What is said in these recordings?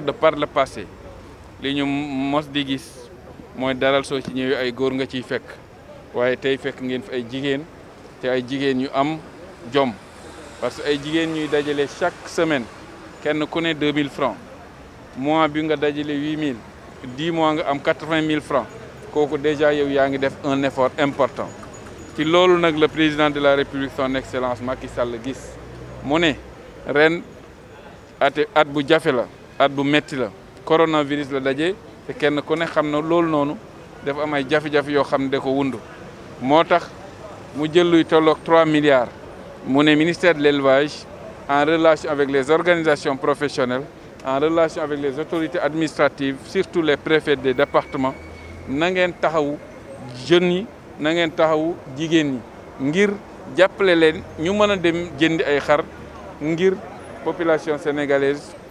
de par le passé li ñu mos di gis moy daral so ci ñëw ay goor nga ci fekk waye tay fekk ngeen fi ay jigen té ay jigen ñu am jom parce que ay jigen ñuy dajalé chaque semaine kenn ku né 2000 francs mois bi nga dajalé 8000 10 mois nga am 80 000 francs koku déjà yow yaangi def un effort important ci lolu nak le président de la république son excellence Macky Sall gis mu ne ren at at bu jafé la at metti la coronavirus la dajé té kenn ku ne connaît pas. loolu noonu a am ay jafe ne ko wund motax mu jël luy 3 milliards Mon ministère de l'élevage en relation avec les organisations professionnelles en relation avec les autorités administratives surtout les préfets des départements na ngeen taxawu jeunes yi na ngeen taxawu jigéen ñi ngir jàppale len ñu mëna dem jëndi ay xar ngir population sénégalaise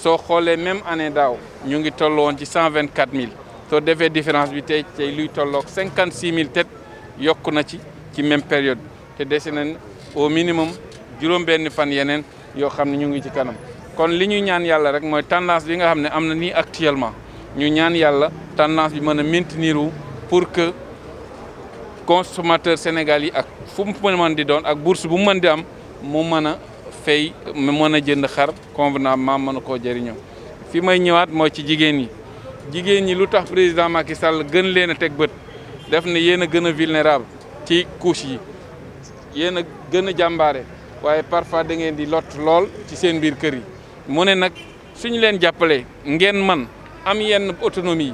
soo xoolee même année daaw ñu ngi woon ci cent vingt quatre mille soo defee différence bi tey tey luy tolloog cinquante six mille yokku na ci ci même période te dese nañ au minimum juróom-benn fan yeneen yoo xam ni ñu ngi ci kanam kon li ñu ñaan yàlla rek mooy tendance bi nga xam ne am na nii actuellement ñu ñaan yàlla tendance bi mën a maintenir wu pour que consommateur Sénégal yi ak fu mu mën di doon ak bourse bu mu mën di am mu mën a fay mën meuna jënd xar convenablement mën ko jëriñu fi may ñëwaat moo ci jigéen yi jigéen yi lutax président Macky Sall gën leena tek teg def ne yeena gëna vulnérable ci couche yi yeena gëna jambaré waye parfois da ngeen di lot lol. ci seen biir kër yi mu ne suñu leen jappalé ngeen man am yenn autonomie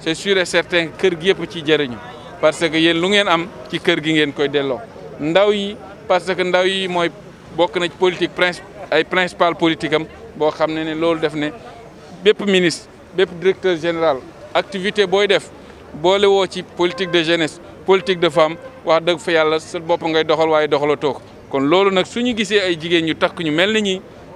c'est sûr et certain kër gi yëpp ci jëriñu parce que yeen lu ngeen am ci kër gi ngeen koy delloo ndaw yi parce que ndaw yi moy bokk na ci politique ay principal politique am boo xam ne ne loolu def ne bépp ministre bépp directeur général activité booy def boole woo ci politique de jeunesse politique de femme wax dëgg fa yàlla sa bopp ngay doxal waaye doxalatoo ko kon loolu nag su ñu gisee ay jigéen ñu takk ñu mel ni ñi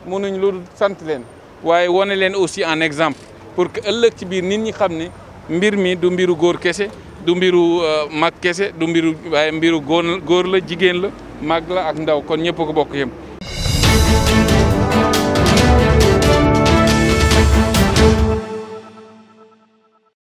mënuñ lu sant leen waaye wane leen aussi en exemple pour que ëllëg ci biir nit ñi xam ne mbir mi du mbiru góor kese du mbiru euh, mag kese du mbiru waaye mbiru góor góor la jigéen la mag la ak ndaw kon ñëpp ko bokk yem